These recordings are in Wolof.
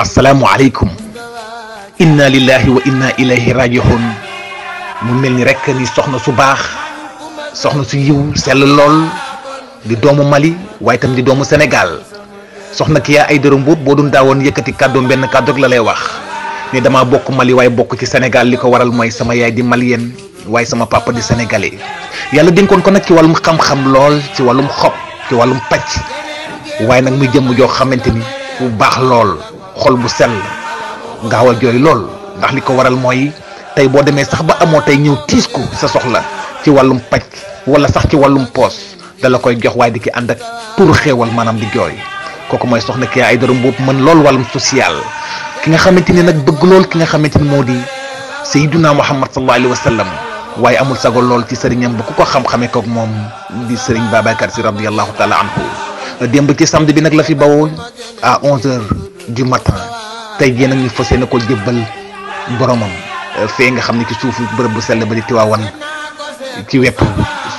asalaamualeykum inna lillahi wa inna ilayhi rajihoon mu mel ni rek ni soxna su baax soxna su yiw sell lool di doomu Mali waaye itam di doomu Sénégal soxna ki yaa ay dërëm boobu boo du daawoon yëkkati kàddoom benn kàddu rek la lay wax ni damaa bokk Mali waaye bokk ci Sénégal li ko waral mooy sama yaay di malienne waaye sama papa di sénégalais yàlla dénkoon ko nag ci wàllum xam-xam lool ci wàllum xob ci wàllum pàcc waaye nag muy jëmm joo xamante ni. bu baax lool xol bu sell gaaw a jooy lool ndax li ko waral mooy tey boo demee sax ba amoo tey ñëw tiis ko sa soxla ci wàllum paj wala sax ci wàllum poos dala koy jox waaye di ki ànd ak pour xéewal maanaam di jooy kooku mooy soxna ay Aidara Mboup mën lool wàllum social ki nga xamante ni nag bëgg lool ki nga xamante ni moo di Seydina Muhammad sallallahu alayhi wa sallam waaye amul sago lool ci sëriñam bu ku ko xam-xamee kook moom di sëriñ Babacar si radiyallahu taala anhu démb ci samedi bi nag la fi bawoo à onze heures du matin tey jii nag ñu fas yéene ko jébbal boromam fee nga xam ne ci suufu bërëb sell ba di Tiwaawan ci wepp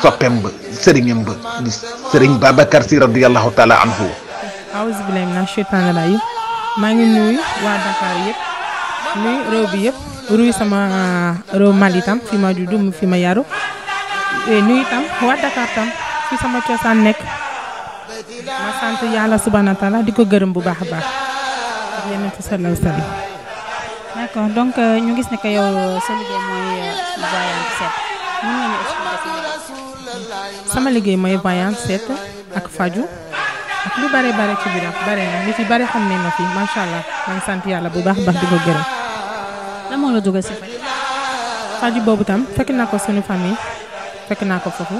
soppeem ba sëriñam ba di sëriñ Babacar si radiyallahu taala anhu aouzu billahi mina sheytaani maa ngi nuyu waa Dakar yëpp nuyu réew bi yëpp ruy sama uh, réew Mali tam fi ma juddu fi ma yaru eh, nuyu tam waa Dakar tam fi sama cosaan nekk ma sant yàlla subhaana di ko gërëm bu baax baax ak yeneen sallallahu donc euh, ñu gis ne que yow sa euh, sama liggéey mooy voyante seet ak faju ak lu bare bare ci biir bare na li ci bare xam ne na fi sant yàlla bu baax baax di ko gërëm. lan la dugal si faju boobu tam fekk naa ko suñu famille fekk naa ko foofu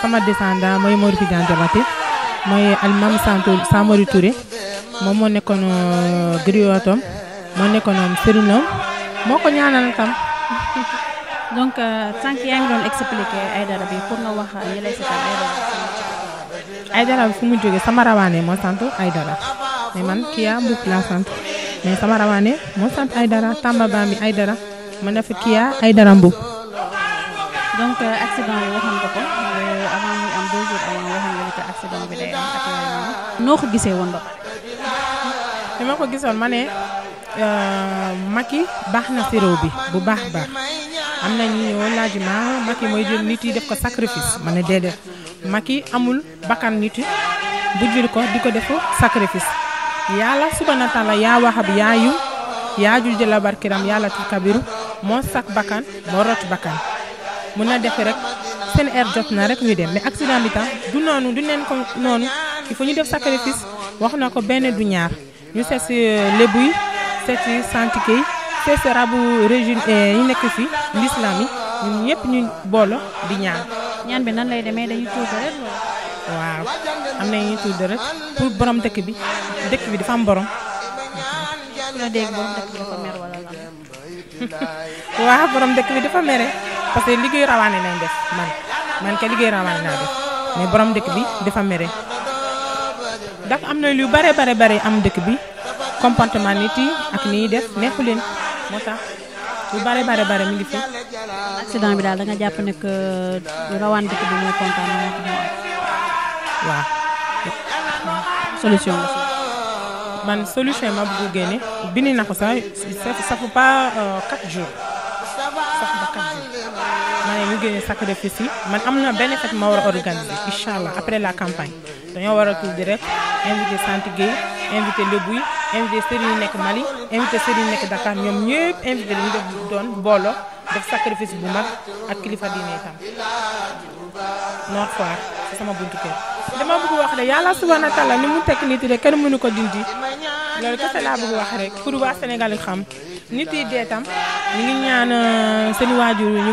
sama descendant mooy Mor Fidiane Diabaté mooy Alimami Samori Touré moom moo nekkoon euh, griotom moo nekkoon euh, sëriñam moo ko ñaanal tam. donc euh, sànq yaa ngi doon expliqué bi fu mu jógee sama rawaane moo sant Aïdara mais man Kia Mboup laa sant mais sama rawaane moo sant Aïdara Tamba Bami Aïdara ma ne fa Kia Aïdara Mboup donc accident yi waxoon ko ko ci doom noo ko gisee woon ba ma ko gisoon ma ne euh, Macky baax na si bi bu baax baax am na ñu laaj ma Macky mooy jël nit yi def ko sacrifice ma ne déedéet Macky amul bakkan nit bu jël ko di ko def sacrifice yàlla subhana taala yaa waxab yaa yu yaa jul jëla barkiram yàlla tu kabiru moo sak bakkan moo rot bakkan mun na def rek seen heure jot na rek ñuy dem mais accident bi tam du noonu du neen ko noonu il faut ñu def sacrifice wax na ko benn du ñaar ñu seet si euh, lébu yi seet si santike yi seet si rabu régime euh, yi nekk fi l'islam yi ñun ñëpp ñu boolo di ñaan. ñaan bi nan lay demee dañuy tuur deret waaw am na ñuy tuur deret pour borom dëkk bi dëkk bi dafa am borom. ku bi dafa mere parce liggéeyu rawaane lañ def man. man ka liggéey rawatina naa mais borom dëkk bi dafa mere ndax am na lu bare bare bare am dëkk bi comportement nit yi ak ni ñuy def neexu leen moo tax lu bare bare bare mu ngi fi. accident bi daal da nga jàpp ne que euh, dëkk bi muy kontaan moo waaw. solution la man solution ma bëgg génne bindi na ko sax ça fait pas 4 euh, jours. maa ngi génne sacrifice yi man am na benn fête ma war a organiser incha allah après la campagne dañoo war a tudd rek invité Santy Gueye invité Lébou yi invité Serigne nekk Mali invité Serigne nekk Dakar ñoom ñëpp invité dañu def doon booloo def sacrifice bu mag ak kilifa diine itam Nord Foire ci sama buntu kër dama bëgg wax ne yàlla subhanahu wa taala mu tekk nit de kenn mënu ko dindi loolu kese laa bëgg wax rek pour waa Sénégal yi xam nit yi dee ñu ngi euh,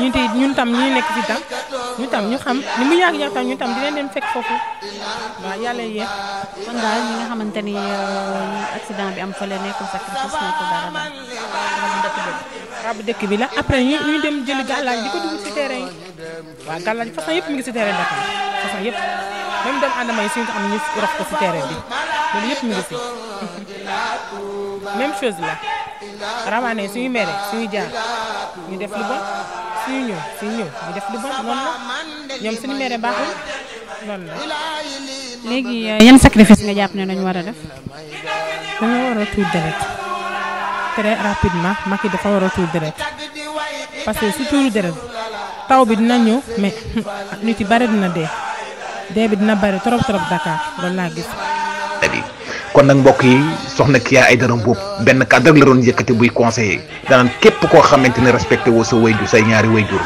ñu tey ñun tam ñu nekk fi tam ñu tam ñu xam ni mu yàgg yàgg tam ñu tam dinañ dem fekk foofu waaw yàlla yéex. kon daal ñi nga xamante ni euh, accident bi am fële nekkul sacrifice nekkul dara daal rabu dëkk bi rabu après ñu ñu dem jëli gàllaaj di ko dugg yi yëpp mi ngi si terrain Dakar façon yëpp même doomu aadama yi suñu ko am ko si terrain bi loolu yëpp mi ngi si même chose la rawaane suñu mere suñu jaar ñu def lu bon. fii ñu fii ñu ñu def lu bon loolu la ñoom suñu meeree baaxul loolu la. léegi euh, yan sacrifice nga jàpp ne lañu war a def. dañoo war a tuur deret très rapidement Macky dafa war a tuur deret parce que su tuuru deret taw bi dina ñëw mais nit yi bare dina dee dee bi dina bare trop trop Dakar loolu laa gis. kon nag mbokk yi soxna ay Aidara Mboup benn cadre la doon yëkkati buy conseiller danaan képp koo xamante ne respecté woo sa wayjur say ñaari wayjur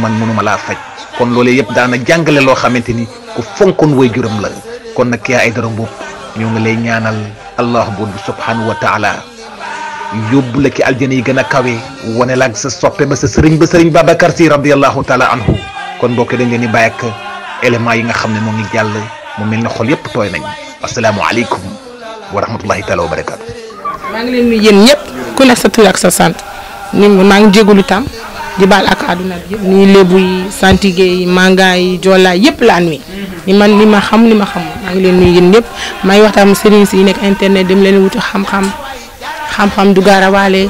man mënuma laa faj kon loolee yëpp daana jàngale loo xamante ni ku fonkoon wayjuram la kon nag ki ay Aidara Mboup ñoo ngi lay ñaanal allah buur bi subhanahu wa taala yóbbu la ki aljana yi gën a kawe wane la ak sa soppe ba sa sëriñ ba sëriñ Babacar si radiallahu taala anhu kon mbokk dañ leen di bàyyi ak éléments yi nga xam ne moo ngi jàll mu mel ne xol yëpp tooy nañ asalaamualeykum wa rahmatullahi taala wa barakaatu. maa ngi leen nuyu ku nekk sa tur ak sa sant ñun maa ngi jégalu tam di baal ak àdduna bi yëpp nuyu lébu yi santige yi manga yi yëpp la an wi man li ma xam li ma xam maa ngi leen nuyu yéen ñëpp maa ngi waxtaan sëriñ si yi nekk internet dem leen wuti xam-xam xam-xam du gaarawaale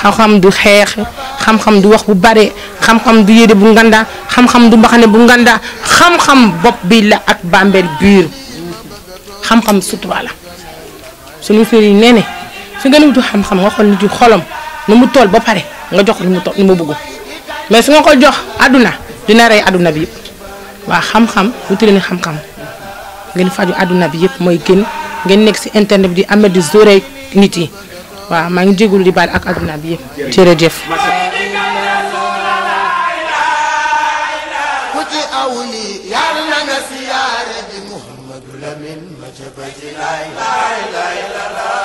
xam-xam du xeex xam-xam du wax bu bare xam-xam du yére bu nganda xam-xam mbaxane bu nganda xam bopp bi la ak bàmbeel biir xam-xam sutura suñu sëriñ nee ne su ngeen wutu xam-xam nga xool nit yi xolam nu mu tool ba pare nga jox lu mu tool nu mu bëgg mais su nga ko jox àdduna dina rey àdduna bi yëpp waa xam-xam wutu leen xam-xam ngeen faju àdduna bi yëpp mooy génn ngeen nekk si internet bi di amee di zore nit yi waa maa ngi jégalu di bal ak àdduna bi yëpp jërëjëf ku ci aw lii yàlla na nga siyaare ji لمن مجبة لا إله إلا الله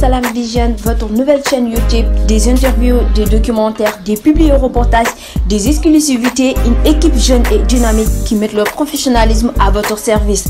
Salam Vision, votre nouvelle chaîne YouTube, des interviews, des documentaires, des publi des exclusivités, une équipe jeune et dynamique qui met leur professionnalisme à votre service.